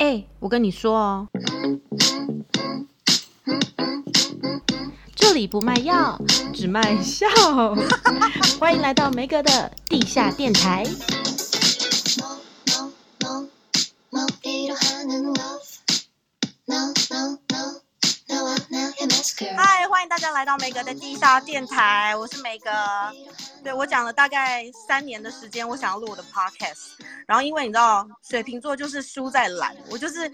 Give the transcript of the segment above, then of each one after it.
哎、欸，我跟你說哦、喔，這裡不賣藥，只賣笑。 歡迎來到梅格的地下電台。再來到梅格的地下電台，我是梅格。對，我講了大概三年的時間，我想要錄我的 podcast。然後因為你知道，水瓶座就是輸在懶，我就是。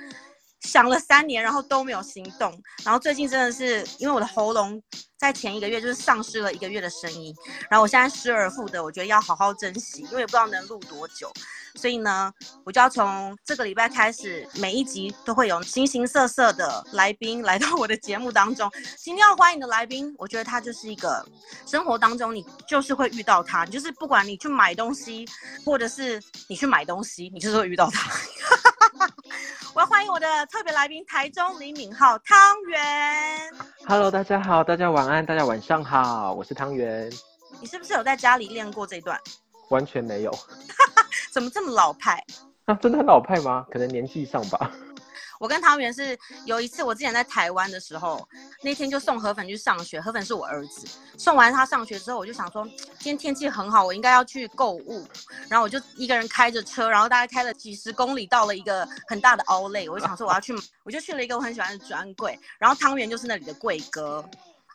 想了三年，然後都沒有行動，然後最近真的是因為我的喉嚨在前一個月就是喪失了一個月的聲音，然後我現在失而復得，我覺得要好好珍惜，因為也不知道能錄多久，所以呢，我就要從這個禮拜開始，每一集都會有形形色色的來賓來到我的節目當中。今天要歡迎的來賓，我覺得他就是一個生活當中你就是會遇到他，就是不管你去買東西，或者是你去買東西，你就是會遇到他。歡迎我的特別來賓，台中李敏鎬湯圓。Hello，大家好，大家晚安，大家晚上好，我是湯圓。你是不是有在家裡練過這段？完全沒有。 怎麼這麼老派？啊，真的很老派嗎？可能年紀上吧。我跟湯圓是有一次，我之前在台灣的時候，那天就送河粉去上學。河粉是我兒子，送完他上學之後，我就想說今天天氣很好，我應該要去購物。然後我就一個人開着車，然後大概開了幾十公里，到了一個很大的 Outlet，我就想說我要去，我就去了一個我很喜歡的專櫃，然後湯圓就是那裡的櫃哥。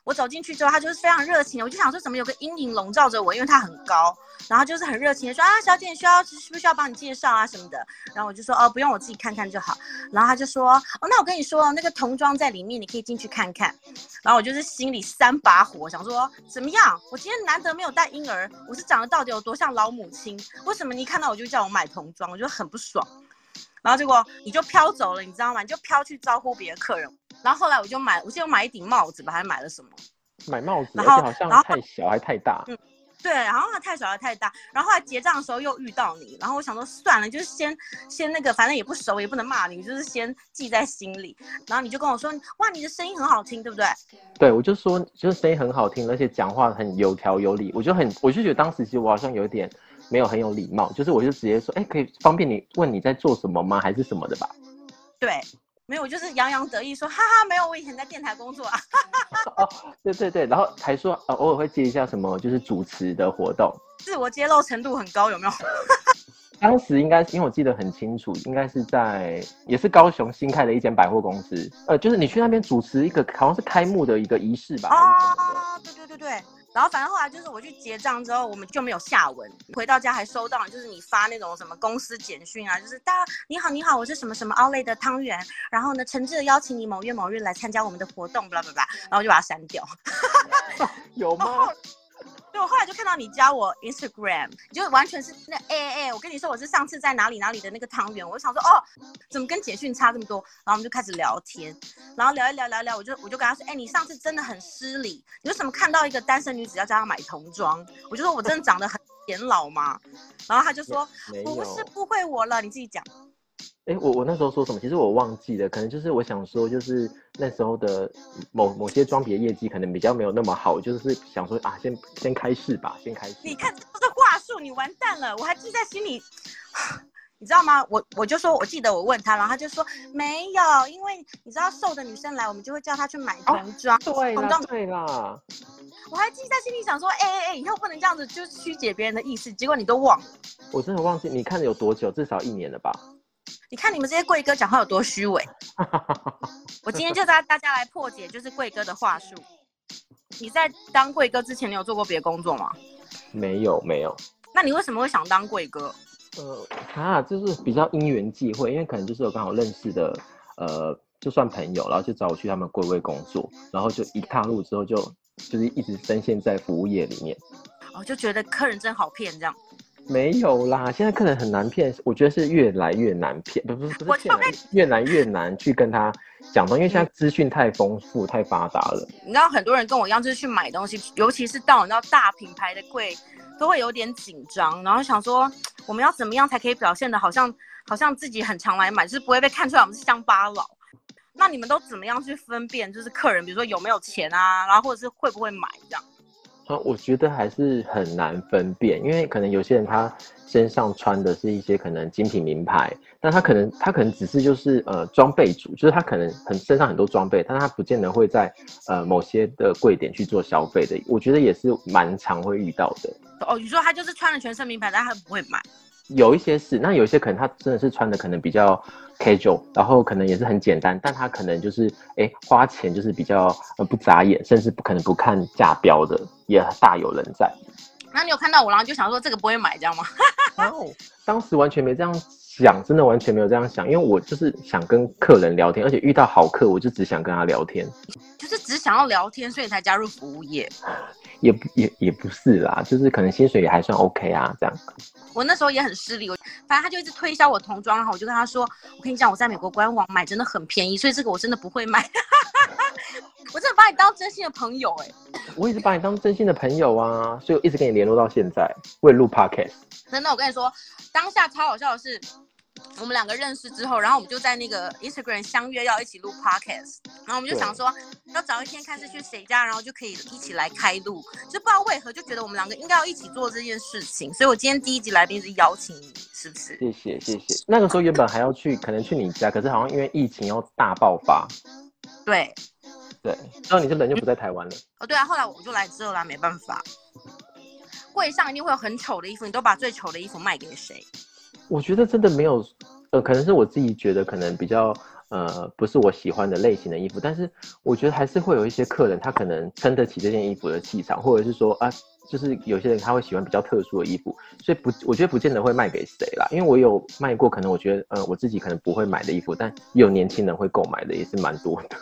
我走進去之後，他就是非常熱情，我就想說怎麼有個陰影籠罩着我，因為他很高，然後就是很熱情的說啊，小姐你需要需不需要幫你介紹啊什麼的，然後我就說哦不用，我自己看看就好，然後他就說哦那我跟你說那個童裝在裡面，你可以進去看看，然後我就是心裡三把火，想說怎麼樣，我今天難得沒有帶嬰兒，我是長得到底有多像老母親，為什麼你一看到我就叫我買童裝，我就很不爽，然後結果你就飄走了，你知道嗎？你就飄去招呼別的客人。然後後來我就買，我記得我買一頂帽子吧，還買了什麼？買帽子，好像太小還太大。嗯，對，然後太小還太大。然後後來結賬的時候又遇到你，然後我想說算了，就是先先那個，反正也不熟，也不能罵你，你就是先記在心裡。然後你就跟我說，哇，你的聲音很好聽，對不對？對，我就說就是聲音很好聽，而且講話很有條有理。我就很，我就覺得當時其實我好像有點沒有很有禮貌，就是我就直接說，哎，可以方便你問你在做什麼嗎？還是什麼的吧？對。沒有，就是洋洋得意說，哈哈，沒有，我以前在電台工作啊，哈哈哈哈。哦，對對對，然後還說，呃，偶爾會接一下什麼，就是主持的活動，自我揭露程度很高，有沒有？當時應該，因為我記得很清楚，應該是在也是高雄新開的一間百貨公司，呃，就是你去那邊主持一個，好像是開幕的一個儀式吧？哦，啊，對對對對。然後反正後來就是我去結賬之後，我們就沒有下文。回到家還收到，就是你發那種什麼公司簡訊啊，就是大家你好你好，我是什麼什麼奧利的湯圓，然後呢誠摯的邀請你某月某日來參加我們的活動，巴拉巴拉，然後就把它刪掉。Yeah. 有嗎？Oh. 所以我後來就看到你加我 Instagram，你就完全是那，哎哎、欸欸，我跟你說，我是上次在哪裡哪裡的那個湯圓，我就想說哦，怎麼跟簡訊差這麼多？然後我們就開始聊天，然後聊一聊，聊一聊，我就我就跟他說，哎、欸，你上次真的很失禮，你為什麼看到一個單身女子要叫她買童裝，我就說我真的長得很顯老嗎？然後他就說，不是誤會我了，你自己講。哎、欸，我我那時候說什麼？其實我忘記了，可能就是我想說，就是那時候的某某些妝別的業績可能比較沒有那麼好，就是想說啊，先先開市吧，先開始你看，這話術，你完蛋了，我還記在心裡， 你知道嗎？我我就說，我記得我問他，然後他就說沒有，因為你知道瘦的女生來，我們就會叫她去買童裝、哦、裝，裝。對，童裝。對啦。我還記在心裡，想說，哎哎哎，以後不能這樣子，就是曲解別人的意思。結果你都忘了，我真的忘記，你看了有多久？至少一年了吧。你看你們這些櫃哥講話有多虛偽！ 我今天就帶大家來破解，就是櫃哥的話術。你在當櫃哥之前，你有做過別的工作嗎？沒有，沒有。那你為什麼會想當櫃哥？呃，他，啊、就是比較因緣際會，因為可能就是有剛好認識的，呃，就算朋友，然後就找我去他們櫃位工作，然後就一踏入之後就就是一直深陷，陷在服務業裡面。我，哦、就覺得客人真好騙，這樣。沒有啦，現在客人很難騙，我覺得是越來越難騙，不不不是騙，越來越難去跟他講東西，因為現在資訊太豐富，太發達了。你知道很多人跟我一樣，就是去買東西，尤其是到你知道大品牌的櫃，都會有點緊張，然後想說我們要怎麼樣才可以表現的好像好像自己很常來買，就是不會被看出來我們是鄉巴佬。那你們都怎麼樣去分辨，就是客人比如說有沒有錢啊，然後或者是會不會買這樣？啊，我覺得還是很難分辨，因為可能有些人他身上穿的是一些可能精品名牌，但他可能他可能只是就是呃裝備主，就是他可能很身上很多裝備，但他不見得會在呃某些的櫃點，去做消費的。我覺得也是蠻常會遇到的。哦，你說他就是穿了全身名牌，但他不會買。有一些是，那有一些可能他真的是穿的可能比較 casual，然後可能也是很簡單，但他可能就是誒、欸、花錢就是比較呃不眨眼，甚至不可能不看價標的也大有人在。那你有看到我，然後就想說這個不會買，這樣嗎？Oh. 當時完全沒這樣想，真的完全沒有這樣想，因為我就是想跟客人聊天，而且遇到好客，我就只想跟他聊天，就是只想要聊天，所以才加入服務業。也也也不是啦，就是可能薪水也還算 OK 啊，這樣。我那時候也很失禮，我反正他就一直推銷我的童裝，然後我就跟他說，我跟你講，我在美國官網買真的很便宜，所以這個我真的不會買， 我真的把你當真心的朋友哎、欸。我一直把你當真心的朋友啊，所以我一直跟你聯絡到現在，為錄 Podcast。真的，我跟你說，當下超好笑的是。我們兩個認識之後，然後我們就在那個 Instagram 相約要一起錄 podcast，然後我們就想說，要找一天看是去誰家，然後就可以一起來開錄，就不知道為何就覺得我們兩個應該要一起做這件事情，所以我今天第一集來賓是邀請你，是不是？謝謝謝謝。那個時候原本還要去，可能去你家，可是好像因為疫情要大爆發，對對，然後你就人就不在台灣了。哦、嗯、對啊，後來我們就來這啦，沒辦法。櫃、嗯、上一定會有很醜的衣服，你都把最醜的衣服賣給誰？我覺得真的沒有，呃，可能是我自己覺得可能比較，呃，不是我喜歡的類型的衣服，但是我覺得還是會有一些客人，他可能撐得起這件衣服的氣場，或者是說啊、呃，就是有些人他會喜歡比較特殊的衣服，所以不，我覺得不見得會賣給誰啦，因為我有賣過，可能我覺得，呃，我自己可能不會買的衣服，但有年輕人會購買的也是蠻多的。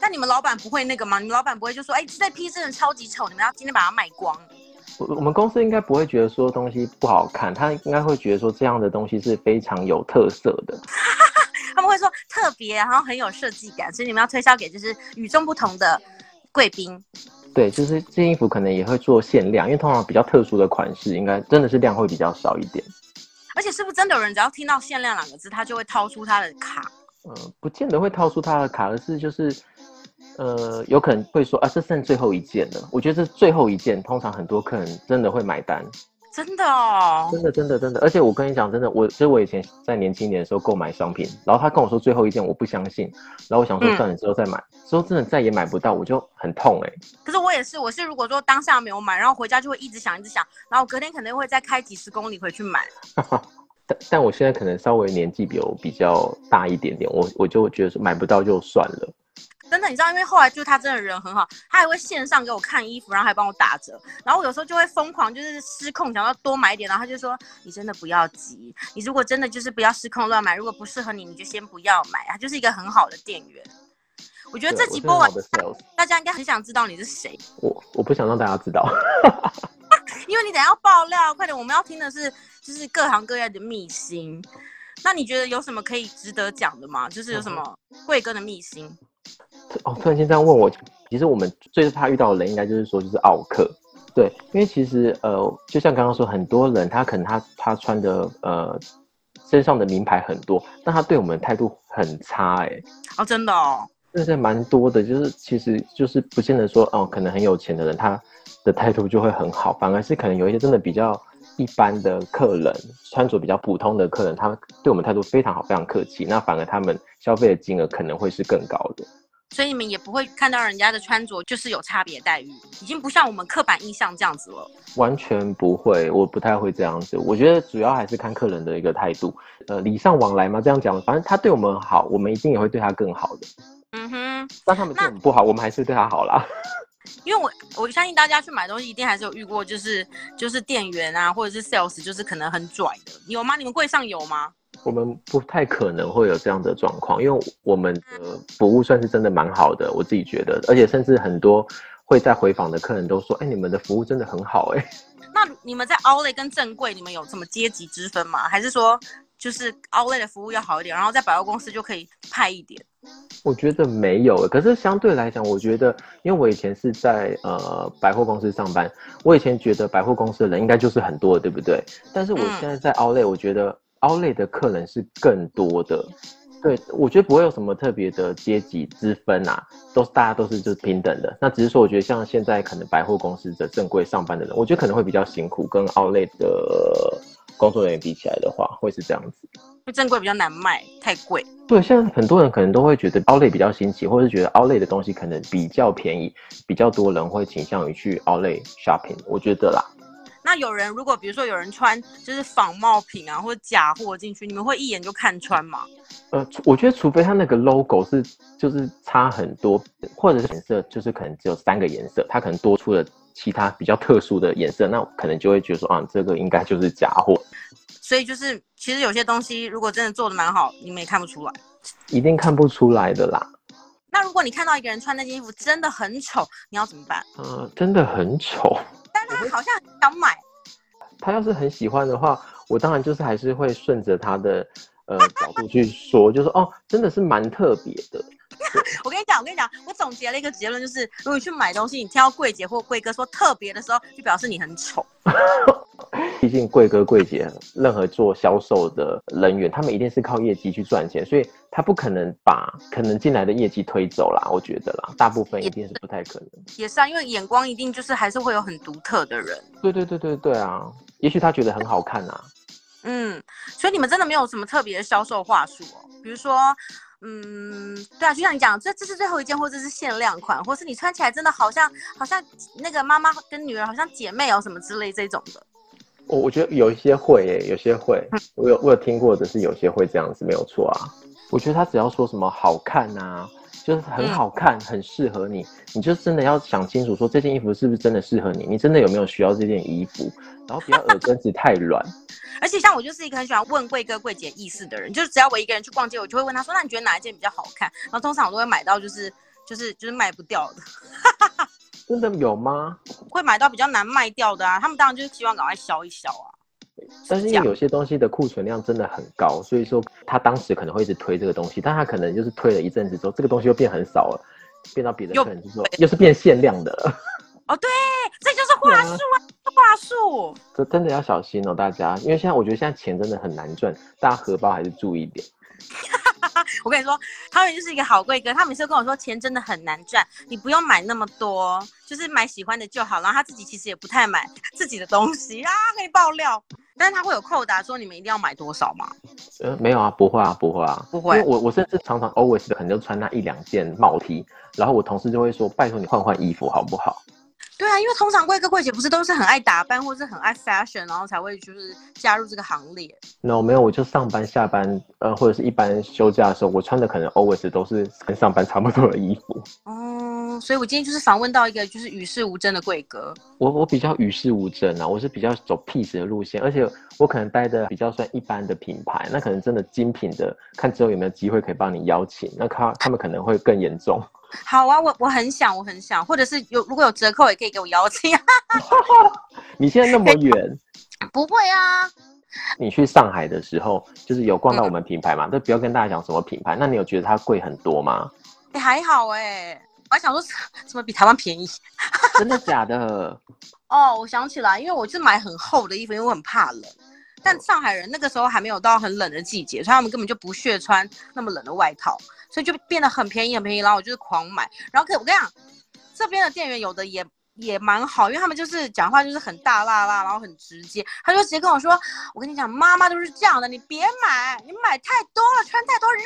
但你們老闆不會那個嗎？你們老闆不會就說，哎，這批真的超級醜，你們要今天把它賣光？我們公司應該不會覺得說，東西不好看，他應該會覺得說，這樣的東西是非常有特色的。 他們會說特別，然後很有設計感，所以你們要推銷給就是與眾不同的貴賓。對，就是這件衣服可能也會做限量，因為通常比較特殊的款式，應該真的是量會比較少一點。而且，是不是真的有人只要聽到限量兩個字，他就會掏出他的卡？嗯，不見得會掏出他的卡，而是就是。呃，有可能會說啊，這剩最後一件了。我覺得這最後一件，通常很多客人真的會買單，真的，哦，真的，真的，真的。而且我跟你講，真的，我其實我以前在年輕一點的時候購買商品，然後他跟我說最後一件，我不相信，然後我想說算了，之後再買，之、嗯、後真的再也買不到，我就很痛哎、欸。可是我也是，我是如果說當下沒有買，然後回家就會一直想，一直想，然後隔天可能會再開幾十公里回去買。 但但我現在可能稍微年紀比我比較大一點點，我我就覺得買不到就算了。真的，你知道，因為後來就他真的人很好，他還會線上給我看衣服，然後還幫我打折。然後我有時候就會瘋狂，就是失控，想要多買一點。然後他就說：“你真的不要急，你如果真的就是不要失控亂買，如果不適合你，你就先不要買啊。”他就是一個很好的店員。我覺得這幾波，大家應該很想知道你是誰。我我不想讓大家知道， 因為你等下要爆料，快點，我們要聽的是就是各行各業的秘辛。那你覺得有什麼可以值得講的嗎？就是有什麼櫃、嗯、哥的秘辛？哦，突然間這樣問我，其實我們最怕遇到的人，應該就是說就是奧客，對，因為其實呃，就像剛剛說，很多人他可能他他穿的呃身上的名牌很多，但他對我們的態度很差、欸，哎，哦，真的哦，真的蠻多的，就是其實就是不見得說哦、呃，可能很有錢的人他的態度就會很好，反而是可能有一些真的比較一般的客人，穿着比較普通的客人，他對我們態度非常好，非常客氣，那反而他們消費的金額可能會是更高的。所以你們也不會看到人家的穿着就是有差別待遇，已經不像我們刻板印象這樣子了。完全不會，我不太會這樣子。我覺得主要還是看客人的一個態度，呃，禮尚往來嘛，這樣講。反正他對我們好，我們一定也會對他更好的。嗯哼，但他們對我們不好，我們還是對他好啦。因為我我相信大家去買東西一定還是有遇過，就是就是店員啊，或者是 sales，就是可能很拽的，有嗎？你們櫃上有嗎？我們不太可能會有這樣的狀況，因為我們的服務算是真的蠻好的，嗯，我自己覺得，而且甚至很多會在回訪的客人都說：“哎，欸，你們的服務真的很好。”哎，那你們在 Outlet 跟正櫃，你們有什麼階級之分嗎？還是說，就是 Outlet 的服務要好一點，然後在百貨公司就可以派一點？我覺得沒有，可是相對來講，我覺得，因為我以前是在呃百貨公司上班，我以前覺得百貨公司的人應該就是很多，對不對？但是我現在在 Outlet，我覺得。嗯 Outlet 的客人是更多的。對，我覺得不會有什麼特別的階級之分啊，都是大家都是就是平等的。那只是說，我覺得像現在可能百貨公司的正規上班的人，我覺得可能會比較辛苦，跟 Outlet 的工作人員比起來的話，會是這樣子。正規比較難賣，太貴。對，現在很多人可能都會覺得 Outlet 比較新奇，或是覺得 Outlet 的東西可能比較便宜，比較多人會傾向於去 Outlet shopping。我覺得啦。那有人如果比如說有人穿就是仿冒品啊或者假貨進去，你們會一眼就看穿嗎？呃，我覺得除非他那個 logo 是就是差很多，或者是顏色就是可能只有三個顏色，他可能多出了其他比較特殊的顏色，那可能就會覺得說啊這個應該就是假貨。所以就是其實有些東西如果真的做得蠻好，你們也看不出來，一定看不出來的啦。那如果你看到一個人穿那件衣服真的很醜，你要怎麼辦？呃，真的很醜。他、啊、好像想買。他要是很喜歡的話，我當然就是還是會順着他的呃角度去說，就是、說哦，真的是蠻特別的。 我跟你講，我跟你講，我總結了一個結論，就是如果你去買東西，你挑櫃姐或櫃哥說特別的時候，就表示你很醜。 畢竟櫃哥櫃姐，任何做銷售的人員，他們一定是靠業績去賺錢，所以他不可能把可能進來的業績推走啦。我覺得啦，大部分一定是不太可能也。也是啊，因為眼光一定就是還是會有很獨特的人。對對對對對啊，也許他覺得很好看啊。 嗯，所以你們真的沒有什麼特別的銷售話術，哦？比如說，嗯，對啊，就像你講，這這是最後一件，或者是限量款，或是你穿起來真的好像好像那個媽媽跟女兒好像姐妹哦什麼之類這種的。我我覺得有一些會、欸，有些會，嗯、我有我有聽過的是有些會這樣子沒有錯啊。我覺得他只要說什麼好看啊，就是很好看，嗯、很適合你，你就真的要想清楚說這件衣服是不是真的適合你，你真的有沒有需要這件衣服，然後不要耳根子太軟。 而且像我就是一個很喜歡問櫃哥櫃姐意思的人，就是只要我一個人去逛街，我就會問他說，那你覺得哪一件比較好看？然後通常我都會買到就是就是就是賣不掉的， 真的有嗎？會買到比較難賣掉的啊，他們當然就是希望趕快銷一銷啊。但是因為有些東西的庫存量真的很高，所以說他當時可能會一直推這個東西，但他可能就是推了一陣子之後，這個東西又變很少了，變到別的可能就是說又是變限量的了。 哦，對，這就是話術啊！話術、啊，這真的要小心哦，大家，因為現在我覺得現在錢真的很難賺，大家荷包還是注意一點。 我跟你說，湯圓就是一個好櫃哥，他每次跟我說錢真的很難賺，你不用買那麼多，就是買喜歡的就好。然後他自己其實也不太買自己的東西啊，可以爆料。但是他會有扣打說你們一定要買多少嗎？呃，沒有啊，不會啊，不會啊，不會。因為我我甚至常常 always 可能就穿那一兩件帽 T，然後我同事就會說：“拜托你換換衣服好不好？”對啊，因為通常，櫃哥櫃姐不是都是很愛打扮，或者很愛 fashion，然後才會就是加入這個行列。那、no, 我沒有，我就上班下班，呃，或者是一般休假的時候，我穿的可能 always 都是跟上班差不多的衣服。哦、嗯，所以我今天就是訪問到一個就是與世無爭的櫃哥。我我比較與世無爭啊，我是比較走 peace 的路線，而且我可能戴的比較算一般的品牌，那可能真的精品的，看之後有沒有機會可以幫你邀請。那他他們可能會更嚴重。好啊，我我很想，我很想，或者是有如果有折扣也可以給我邀請。 你現在那麼遠、欸，不會啊？你去上海的時候，就是有逛到我們品牌嘛？嗯、但不要跟大家講什麼品牌。那你有覺得它貴很多嗎？也、欸、還好哎、欸，我還想說怎麼比台灣便宜， 真的假的？哦，我想起來，因為我是買很厚的衣服，因為我很怕冷。但上海人那個時候還沒有到很冷的季節，所以他們根本就不屑穿那麼冷的外套，所以就變得很便宜很便宜，然後我就是狂買。然後可是我跟你講，這邊的店員有的也也蠻好，因為他們就是講話就是很大辣辣，然後很直接。他就直接跟我說，我跟你講，媽媽都是這樣的，你別買，你買太多了，穿太多熱。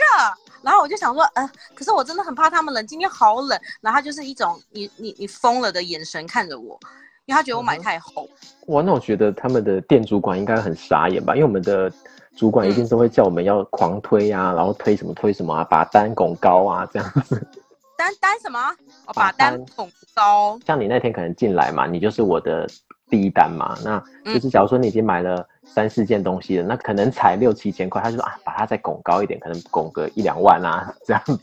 然後我就想說，嗯、呃，可是我真的很怕他們冷，今天好冷。然後他就是一種你你你瘋了的眼神看着我。因為他覺得我買太厚、嗯。哇，那我覺得他們的店主管應該很傻眼吧？因為我們的主管一定都會叫我們要狂推啊，嗯、然後推什麼推什麼啊，把單拱高啊這樣子。單，單什麼？把單，我把單拱高。像你那天可能進來嘛，你就是我的第一單嘛，那就是假如說你已經買了三四件東西了，嗯、那可能才六七千塊，他就說啊，把它再拱高一點，可能拱個一兩萬啊這樣子。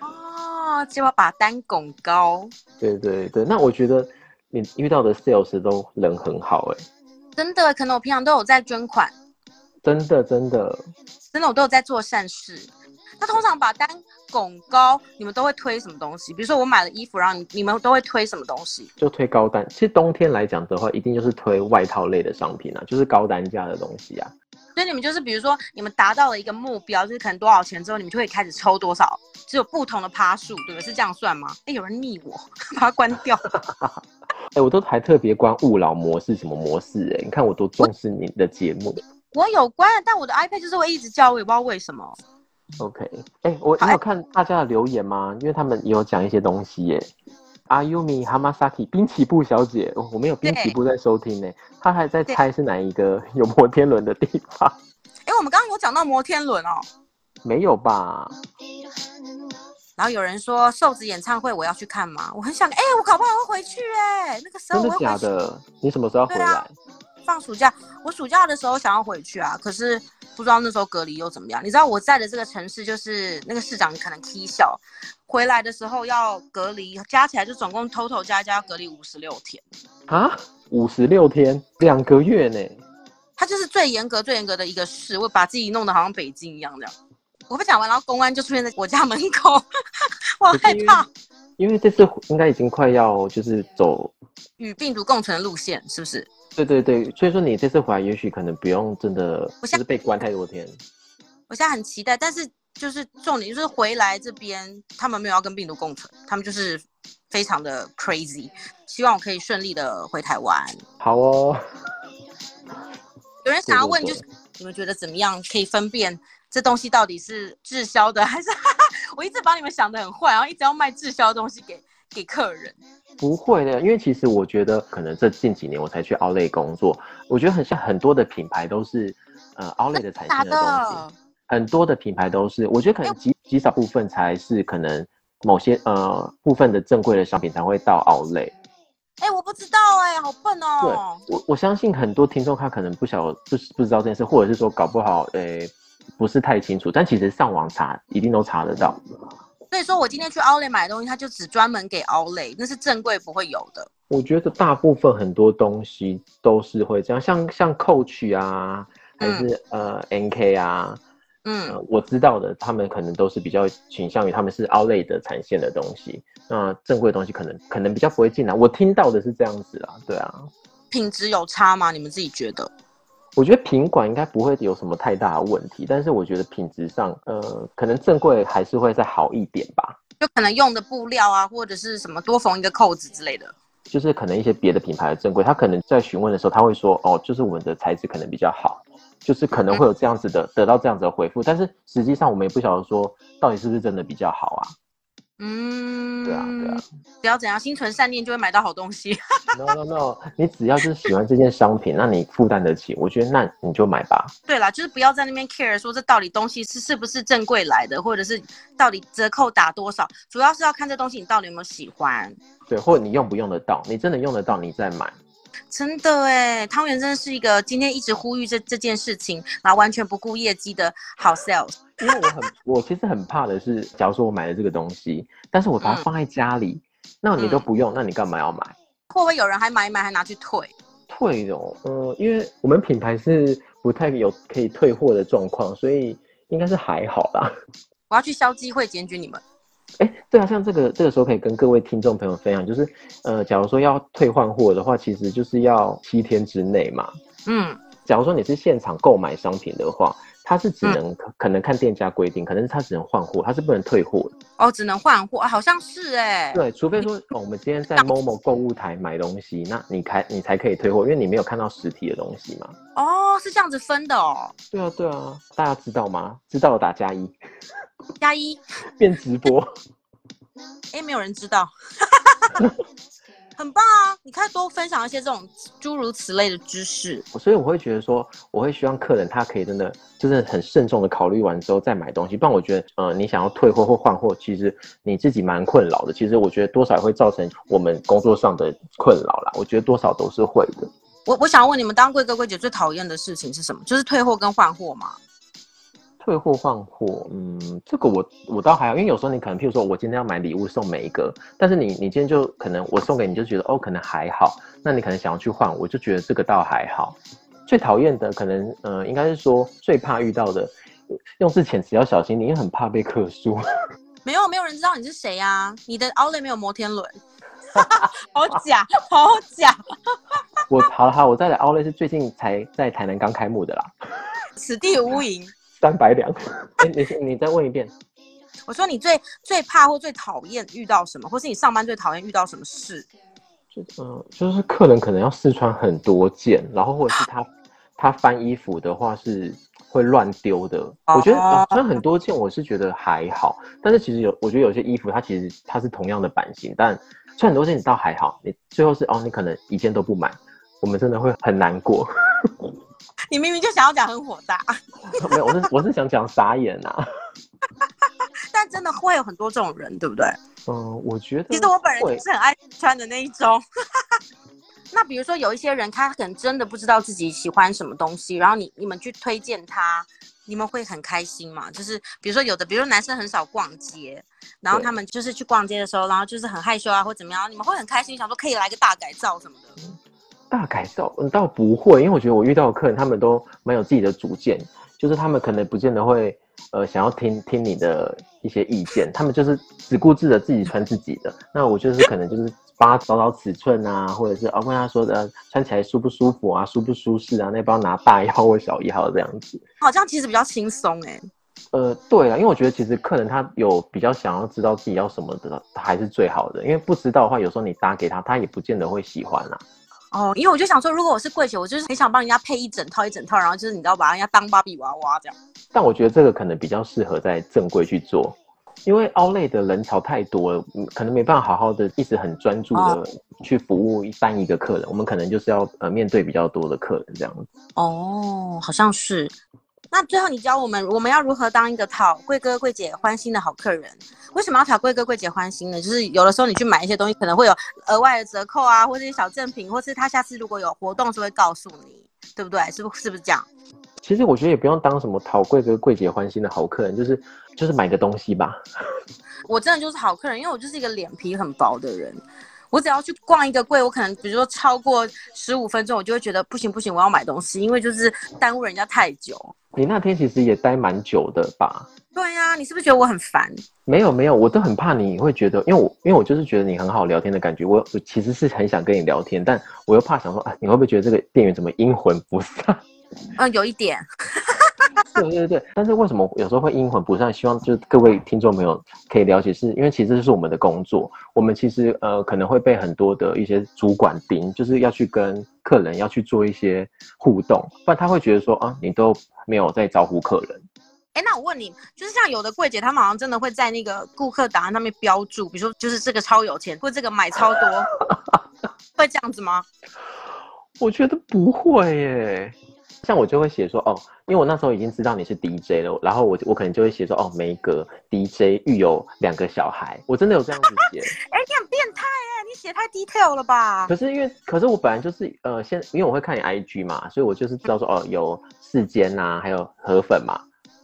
哦，結果把單拱高。對對對，對，那我覺得。你遇到的 sales 都人很好哎、欸，真的，可能我平常都有在捐款，真的真的真的，我都有在做善事。那通常把單拱高，你們都會推什麼東西？比如說我買了衣服，然後你，你們都會推什麼東西？就推高單。其實冬天來講的話，一定就是推外套類的商品啊，就是高單價的東西啊。所以你們就是比如說你們達到了一個目標，就是可能多少錢之後，你們就會開始抽多少，只有不同的趴數，對不對？是這樣算嗎？哎、欸，有人膩我，把它關掉。 哎、欸，我都還特別關勿擾模式什麼模式、欸？哎，你看我多重視你的節目我。我有關，但我的 iPad 就是會一直叫，我也不知道為什麼。OK，哎、欸，我有看大家的留言嗎？Hi. 因為他們也有講一些東西耶、欸。Ayumi Hamasaki 濱崎步小姐、哦，我沒有濱崎步在收聽呢、欸，他還在猜是哪一個有摩天輪的地方。哎、欸，我們剛剛有講到摩天輪哦？沒有吧？然後有人說瘦子演唱會我要去看嘛，我很想，哎、欸，我搞不好會回去哎、欸，那個時候我會回去。真的假的？你什麼時候要回來、啊？放暑假，我暑假的時候想要回去啊，可是不知道那時候隔離又怎麼樣？你知道我在的這個城市就是那個市長可能踢小，回來的時候要隔離，加起來就總共 total 偷偷加加要隔離五十六天。啊，五十六天，兩個月呢？他就是最嚴格最嚴格的一個市，我把自己弄得好像北京一樣的。我不講完，然後公安就出現在我家門口， 我害怕因。因為這次應該已經快要就是走與病毒共存的路線，是不是？對對對，所以說你這次回來也許可能不用真的我現在、就是、被關太多天。我現在很期待，但是就是重點、就是回來這邊，他們沒有要跟病毒共存，他們就是非常的 crazy。希望我可以順利的回臺灣。好哦。有人想要問，就是對對對，你們覺得怎麼樣可以分辨？這東西到底是滯銷的，還是哈哈，我一直把你們想得很壞，然後一直要賣滯銷的東西給給客人？不會的，因為其實我覺得可能這近幾年我才去奧萊工作，我覺得很像很多的品牌都是，呃，奧萊的產生的東西，很多的品牌都是，我覺得可能極極、欸、少部分才是可能某些呃部分的正規的商品才會到奧萊。哎、欸，我不知道、欸，哎，好笨哦、喔。對，我我相信很多聽眾他可能不曉不、就是、不知道這件事，或者是說搞不好，哎、欸。不是太清楚，但其實上網查一定都查得到。所以說，我今天去 Outlet 買東西，它就只專門給 Outlet，那是正櫃不會有的。我覺得大部分很多東西都是會這樣，像像 Coach 啊，還是、嗯、呃 MK 啊，嗯、呃，我知道的，他們可能都是比較傾向於他們是 Outlet 的產線的東西，那正櫃的東西可能可能比較不會進來。我聽到的是這樣子啊，對啊。品質有差嗎？你們自己覺得？我覺得品管應該不會有什麼太大的問題，但是我覺得品質上，呃，可能正櫃還是會再好一點吧。就可能用的布料啊，或者是什麼多縫一個扣子之類的。就是可能一些別的品牌的正櫃，他可能在詢問的時候，他會說，哦，就是我們的材質可能比較好，就是可能會有這樣子的得到這樣子的回復。但是實際上我們也不曉得說到底是不是真的比較好啊。嗯，對啊，對啊，不要怎樣，心存善念，就會買到好東西。 no no no，你只要就是喜歡這件商品， 那你負擔得起，我覺得那你就買吧。對啦，就是不要在那邊 care 說，這到底東西是是不是正規來的，或者是到底折扣打多少，主要是要看這東西你到底有沒有喜歡，對，或者你用不用得到，你真的用得到，你再買。真的哎，湯圓真的是一個今天一直呼籲這這件事情，然後完全不顧業績的好 sales。因為我很， 我其實很怕的是，假如說我買了這個東西，但是我把它放在家裡，嗯、那你都不用，嗯、那你幹嘛要買？會不會有人還買買還拿去退？退哦，呃，因為我們品牌是不太有可以退貨的狀況，所以應該是還好啦。我要去消基會檢舉你們。哎、欸，對啊，像這個這個時候可以跟各位聽眾朋友分享，就是，呃，假如說要退換貨的話，其實就是要七天之內嘛。嗯，假如說你是現場購買商品的話，它是只能、嗯、可能看店家規定，可能是它只能換貨，它是不能退貨的。哦，只能換貨、啊，好像是哎、欸。對，除非說，哦、我們今天在某某購物台買東西，那你才你才可以退貨，因為你沒有看到實體的東西嘛。哦，是這樣子分的哦。對啊，對啊，大家知道嗎？知道了打加一。加一變直播，哎、 欸，沒有人知道， 很棒啊！你可以多分享一些這種諸如此類的知識。所以我會覺得說，我會希望客人他可以真的，真的很慎重的考慮完之後再買東西。不然我覺得，呃，你想要退貨或換貨，其實你自己蠻困擾的。其實我覺得多少也會造成我們工作上的困擾啦。我覺得多少都是會的。我我想問你們當櫃哥櫃姐最討厭的事情是什麼？就是退貨跟換貨嗎？退貨換貨，嗯，這個我我倒還好，因為有時候你可能，譬如說我今天要買禮物送梅格，但是你你今天就可能我送給你就覺得哦，可能還好，那你可能想要去換，我就覺得這個倒還好。最討厭的可能，嗯、呃，應該是說最怕遇到的，用之前只要小心，你也很怕被客訴。沒有，沒有人知道你是誰呀、啊？你的奧萊沒有摩天輪， 好假， 好，好假。 我好了好，我再來奧萊是最近才在台南剛開幕的啦，此地無銀。三百兩，欸、你你你再問一遍。我說你最最怕或最討厭遇到什麼，或是你上班最討厭遇到什麼事？嗯、呃，就是客人可能要試穿很多件，然後或者是他、啊、他翻衣服的話是會亂丟的。我覺得穿、哦哦、很多件我是覺得還好，但是其實有我覺得有些衣服它其實它是同樣的版型，但穿很多件你倒還好，你最後是哦你可能一件都不買，我們真的會很難過。你明明就想要講很火大， 沒有，我是我是想講傻眼吶、啊。 但真的會有很多這種人，對不對？嗯、呃，我覺得其實我本人就是很愛穿的那一種。 那比如說有一些人，他可能真的不知道自己喜歡什麼東西，然後你你們去推薦他，你們會很開心嘛？就是比如說有的，比如說男生很少逛街，然後他們就是去逛街的時候，然後就是很害羞啊或怎麼樣，你們會很開心，想說可以來個大改造什麼的。嗯大概倒嗯，倒不會，因為我覺得我遇到的客人他們都蠻有自己的主見，就是他們可能不見得會呃想要聽聽你的一些意見，他們就是只顧自著自己穿自己的。那我就是可能就是幫他找找尺寸啊，或者是問、啊、他說的穿起來舒不舒服啊，舒不舒適啊，那幫拿大一號或小一號這樣子。好像其實比較輕鬆哎。呃，對啊，因為我覺得其實客人他有比較想要知道自己要什麼的還是最好的，因為不知道的話，有時候你搭給他，他也不見得會喜歡啊。哦，因為我就想說，如果我是櫃姐，我就是很想幫人家配一整套一整套，然後就是你知道，把人家當芭比娃娃這樣。但我覺得這個可能比較適合在正櫃去做，因為 Outlet 的人潮太多了，可能沒辦法好好的一直很專注的去服務一般一個客人。哦。我們可能就是要、呃、面對比較多的客人這樣子。哦，好像是。那最後你教我們，我們要如何當一個討櫃哥櫃姐歡心的好客人？為什麼要討櫃哥櫃姐歡心呢？就是有的時候你去買一些東西，可能會有額外的折扣啊，或是一些小贈品，或是他下次如果有活動就會告訴你，對不對？是不是不是這樣？其實我覺得也不用當什麼討櫃哥櫃姐歡心的好客人，就是就是買個東西吧。 我真的就是好客人，因為我就是一個臉皮很薄的人。我只要去逛一個櫃，我可能比如說超過十五分鐘，我就會覺得不行不行，我要買東西，因為就是耽誤人家太久。你那天其實也待蠻久的吧？對呀，啊，你是不是覺得我很煩？沒有沒有，我都很怕你會覺得，因為我因為我就是覺得你很好聊天的感覺，我我其實是很想跟你聊天，但我又怕想說，啊，你會不會覺得這個店員怎麼陰魂不散？嗯，有一點。 對對對，但是為什麼有時候會陰魂不散？希望就是各位聽眾朋友可以了解是，是因為其實這是我們的工作，我們其實呃可能會被很多的一些主管盯，就是要去跟客人要去做一些互動，不然他會覺得說啊你都沒有在招呼客人。哎，那我問你，就是像有的櫃姐，他們好像真的會在那個顧客檔案上面標注，比如說就是這個超有錢，或這個買超多， 會這樣子嗎？我覺得不會耶，像我就會寫說哦，因為我那時候已經知道你是 DJ 了，然後我我可能就會寫說哦，梅格 DJ 育有兩個小孩，我真的有這樣子寫。哎， 你很變態哎，你寫太 detail 了吧？可是因為，可是我本來就是呃，先因為我會看你 IG 嘛，所以我就是知道說哦，有世間吶、啊，還有河粉嘛，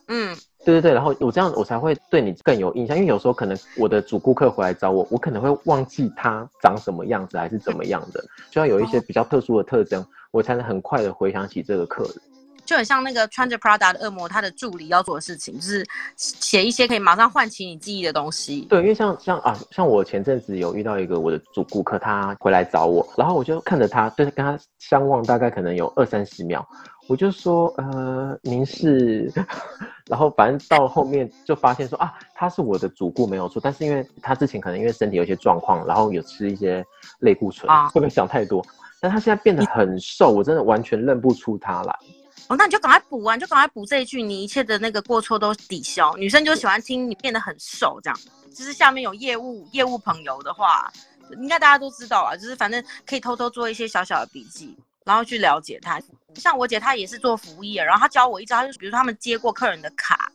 嗯。對對對，然後我這樣，我才會對你更有印象，因為有時候可能我的主顧客回來找我，我可能會忘記他長什麼樣子還是怎麼樣的，就要有一些比較特殊的特徵，哦、我才能很快的回想起這個客人。就很像那個穿着 Prada 的惡魔，他的助理要做的事情就是寫一些可以馬上喚起你記憶的東西。對，因為像像啊，像我前陣子有遇到一個我的主顧客，他回來找我，然後我就看着他，對他跟他相望，大概可能有二三十秒，我就說，呃，您是。 然後反正到後面就發現說啊，他是我的主顧沒有錯，但是因為他之前可能因為身體有一些狀況，然後有吃一些類固醇，啊、會不會想太多？但他現在變得很瘦，我真的完全認不出他來。哦，那你就趕快補完，啊，你就趕快補這一句，你一切的那個過錯都抵消。女生就喜歡聽你變得很瘦這樣。就是下面有業務業務朋友的話，應該大家都知道啊，就是反正可以偷偷做一些小小的筆記。然後去了解他，像我姐她也是做服務業，然後她教我一招，就是比如說他們接過客人的卡，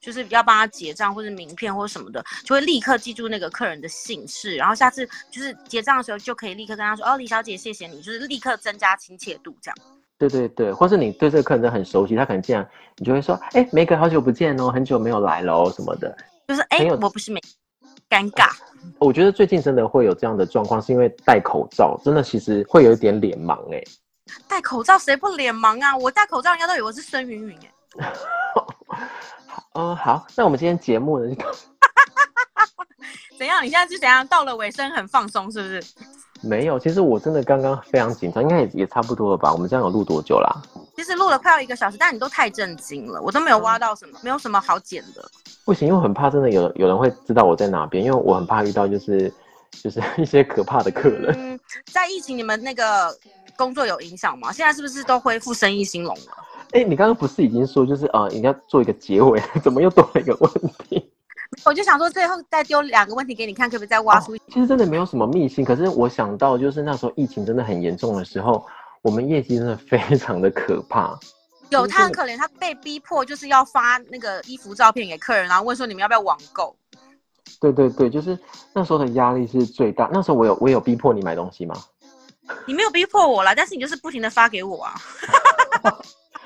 就是要幫他結賬或者名片或者什麼的，就會立刻記住那個客人的姓氏，然後下次就是結賬的時候就可以立刻跟他說哦，李小姐，謝謝你，就是立刻增加親切度這樣。對對對，或是你對這個客人很熟悉，他可能這樣，你就會說，哎、欸，梅格，好久不見哦，很久沒有來了哦。什麼的，就是哎、欸，我不是沒尷尬、呃。我覺得最近真的會有這樣的狀況，是因為戴口罩，真的其實會有一點臉盲哎、欸。戴口罩誰不臉盲啊？我戴口罩，人家都以為我是孫雲雲哎。哦、 嗯，好，那我們今天節目呢？ 怎樣？你現在是怎樣？到了尾聲很放鬆是不是？沒有，其實我真的剛剛非常緊張，應該也也差不多了吧？我們這樣有錄多久啦？其實錄了快要一個小時，但你都太震驚了，我都沒有挖到什麼，嗯、沒有什麼好剪的。不行，因為很怕真的有有人會知道我在哪邊，因為我很怕遇到就是就是一些可怕的客人。嗯，在疫情你們那個。工作有影響嗎？現在是不是都恢復生意興隆了？哎、欸，你剛剛不是已經說就是呃，你要做一個結尾，怎麼又多了一個問題？我就想說最後再丟兩個問題給你看，可不可以再挖，哦、出一？其實真的沒有什麼秘辛，可是我想到就是那時候疫情真的很嚴重的時候，我們業績真的非常的可怕。有，就是、他很可憐，他被逼迫就是要發那個衣服照片給客人，然後問說你們要不要網購？對對對，就是那時候的壓力是最大。那時候我有我有逼迫你買東西嗎？你沒有逼迫我啦，但是你就是不停的發給我啊。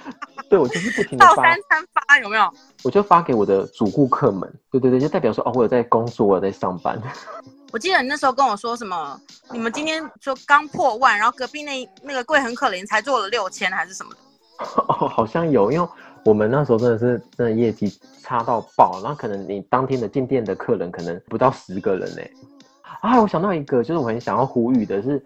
對，我就是不停的發。到三餐發有沒有？我就發給我的主顧客們。對對對，就代表說哦，我有在工作，我有在上班。 我記得你那時候跟我說什麼？你們今天說剛破萬，然後隔壁那那個櫃很可憐，才做了六千還是什麼的？哦， 好像有，因為我們那時候真的是真的業績差到爆，那可能你當天的進店的客人可能不到十個人呢。啊，我想到一個，就是我很想要呼籲的是。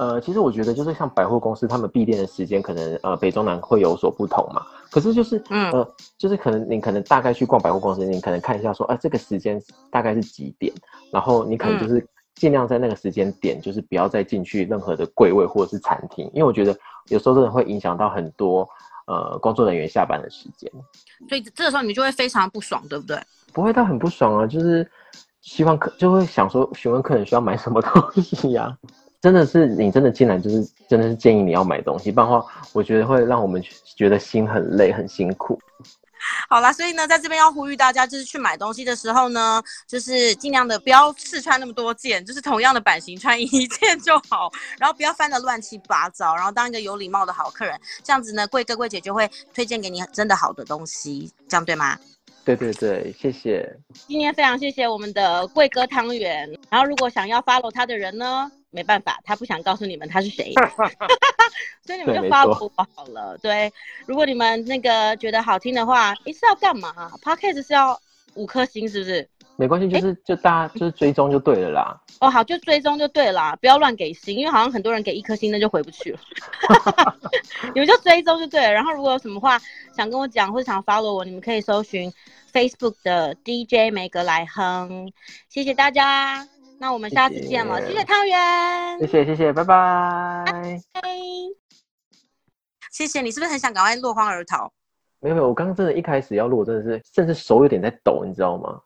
呃，其實我覺得就是像百貨公司，他們閉店的時間可能呃，北中南會有所不同嘛。可是就是，嗯呃，就是可能你可能大概去逛百貨公司，你可能看一下說啊、呃，這個時間大概是幾點，然後你可能就是盡量在那個時間點就是不要再進去任何的櫃位或者是餐廳，因為我覺得有時候真的會影響到很多呃工作人員下班的時間。所以這個時候你就會非常不爽，對不對？不會，但很不爽啊，就是希望客就會想說詢問客人需要買什麼東西呀、啊。真的是你真的進來就是真的是建議你要買東西，不然的話我覺得會讓我們覺得心很累，很辛苦。好啦，所以呢，在這邊要呼籲大家，就是去買東西的時候呢，就是盡量的不要試穿那麼多件，就是同樣的版型穿一件就好，然後不要翻得亂七八糟，然後當一個有禮貌的好客人，這樣子呢，櫃哥櫃姐就會推薦給你真的好的東西，這樣對嗎？對對對，謝謝。今天非常謝謝我們的櫃哥湯圓，然後如果想要 follow 他的人呢？沒辦法，他不想告訴你們他是誰， 所以你們就 follow 我好了對對。對，如果你們那個覺得好聽的話，欸、是要幹嘛？Podcast 是要五顆星是不是？沒關係，就是、欸、就大家就是追蹤就對了啦。哦，好，就追蹤就對了，不要亂給星，因為好像很多人給一顆星那就回不去了。 你們就追蹤就對了。然後如果有什麼話想跟我講，或者想 follow 我，你們可以搜尋 Facebook 的 DJ 梅格來哼。謝謝大家。那我們下次見了，謝謝湯圓，謝謝謝謝，謝謝，拜拜，嘿、哎，謝謝，你是不是很想趕快落荒而逃？沒有沒有，我剛剛真的一開始要錄，真的是，甚至手有點在抖，你知道嗎？